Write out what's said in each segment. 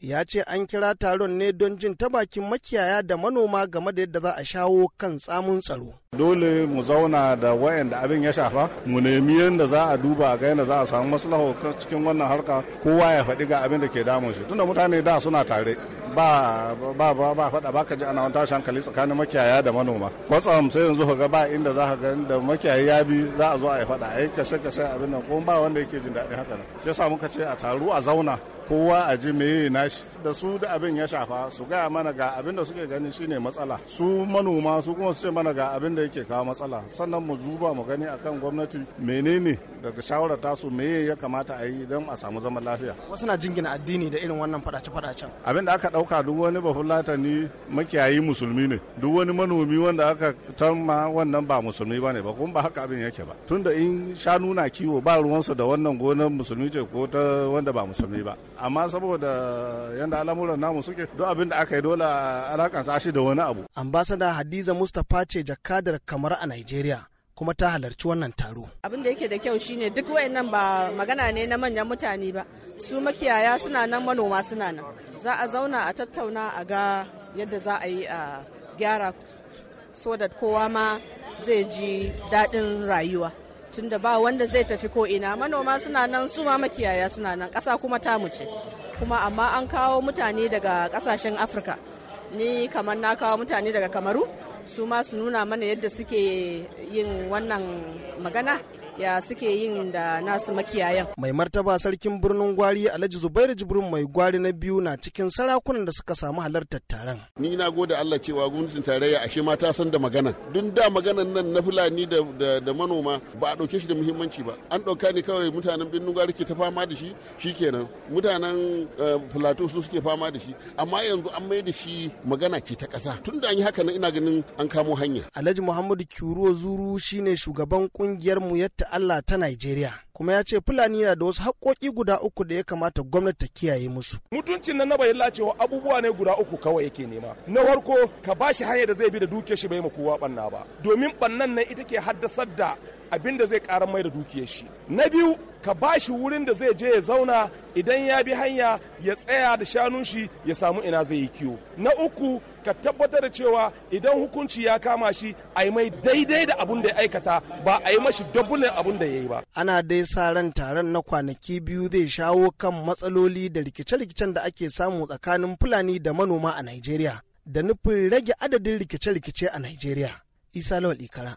ya ce an kira taron ne don jin ta bakin makiyaya da manoma game da yadda za a shawo kan tsamun tsaro. Dole mu zauna da wayanda abin ya shafa, mu nemi yadda za a duba ga yadda za a samu maslaho cikin wannan harka kowa ya faɗi ga abin da ke damun shi. Tunda mutane da suna tare, ba ba ba faɗa ba ka ji ana wani hankali tsakanin makiyaya da manoma kwatsam sai yanzu ka ga ba inda za ka ga inda makiyayi ya bi za a zo a yi faɗa a yi kashe kashe abin nan ba wanda yake jin daɗin haka nan shi yasa muka ce a taru a zauna kowa a ji meye nashi da su da abin ya shafa su gaya mana ga abin da suke gani shine matsala su manoma su kuma su ce mana ga abin da yake kawo matsala sannan mu zuba mu gani akan gwamnati menene daga shawarar tasu me ya kamata a yi don a samu zaman lafiya wasu na jingina addini da irin wannan fadace fadacen abin da aka dauka duk wani bafulatani makiyayi musulmi ne duk wani manomi wanda aka tamma wannan ba musulmi ba ne ba kuma ba haka abin yake ba tunda in shanu na kiwo ba ruwansa da wannan gonar musulmi ce ko ta wanda ba musulmi ba amma saboda yadda al'amuran namu suke duk abin da aka yi dole alakansa shi da wani abu. ambasada hadiza mustapha ce jakadar kamar a nigeria kuma ta halarci wannan taro. Abin da yake da kyau shine duk wayannan ba magana ne na manyan mutane ba su makiyaya suna nan manoma suna nan za a zauna a tattauna a ga yadda za a yi a gyara so da kowa ma zai ji daɗin rayuwa. tunda ba wanda zai tafi ko ina manoma suna nan su ma makiyaya suna nan ƙasa kuma ta muce kuma amma an kawo mutane daga ƙasashen afirka ni kamar na kawo mutane daga kamaru su ma su nuna mana yadda suke yin wannan magana ya suke yin da nasu makiyayan. Mai martaba sarkin birnin gwari Alhaji Zubairu Jibrin mai gwari na biyu na cikin sarakunan da suka samu halartar taron. Ni na gode Allah cewa gwamnatin tarayya ashe ma ta san da magana. Dun da maganan nan na Fulani da manoma ba a ɗauke shi da muhimmanci ba. An ɗauka ne kawai mutanen birnin gwari ke ta fama da shi kenan Mutanen Filato eh, su suke fama da shi. Amma yanzu an mai da shi magana ce ta ƙasa. Tun da an yi haka nan ina ganin an kamo hanya. Alhaji Muhammadu Kyuruwa Zuru shine shugaban kungiyar mu yatta Allah ta Najeriya. Kuma ya ce Fulani na da wasu haƙoƙi guda uku da ya kamata gwamnati ta kiyaye musu. Mutuncin nan na bayyana cewa abubuwa ne guda uku kawai yake nema. Na farko ka bashi hanyar da zai bi da duke shi bai ma kowa ɓanna ba. Domin ɓannan nan ita ke haddasar da abin da zai karar mai da dukiyar shi na biyu ka ba shi wurin da zai je ya zauna idan ya bi hanya ya tsaya da shanun shi ya samu ina zai yi kiwo na uku ka tabbatar da cewa idan hukunci ya kama shi a yi mai daidai da abun da ya aikata ba a yi mashi dabbulin abun da ya yi ba ana dai sa ran taron na kwanaki biyu zai shawo kan matsaloli da rikice-rikicen da ake samu tsakanin fulani da manoma a nigeria da nufin rage adadin rikice-rikice a nigeria Isa Lawal Ikara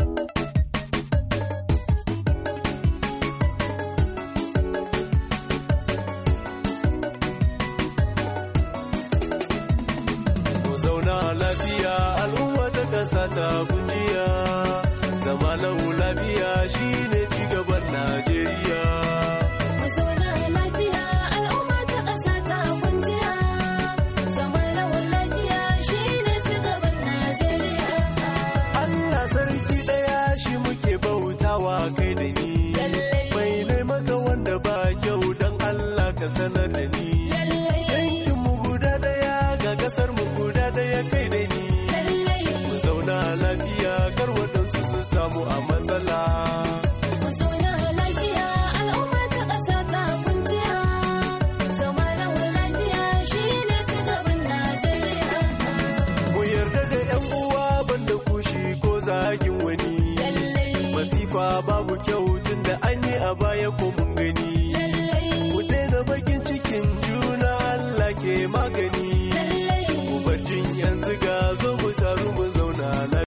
kai da ni mai ne maka wanda ba kyau dan Allah ka sanar da ni yankin mu guda daya ga kasar mu guda daya kai da ni mu zauna lafiya kar waɗansu sun samu amma fa babu kyau tun da an yi a baya ko mun gani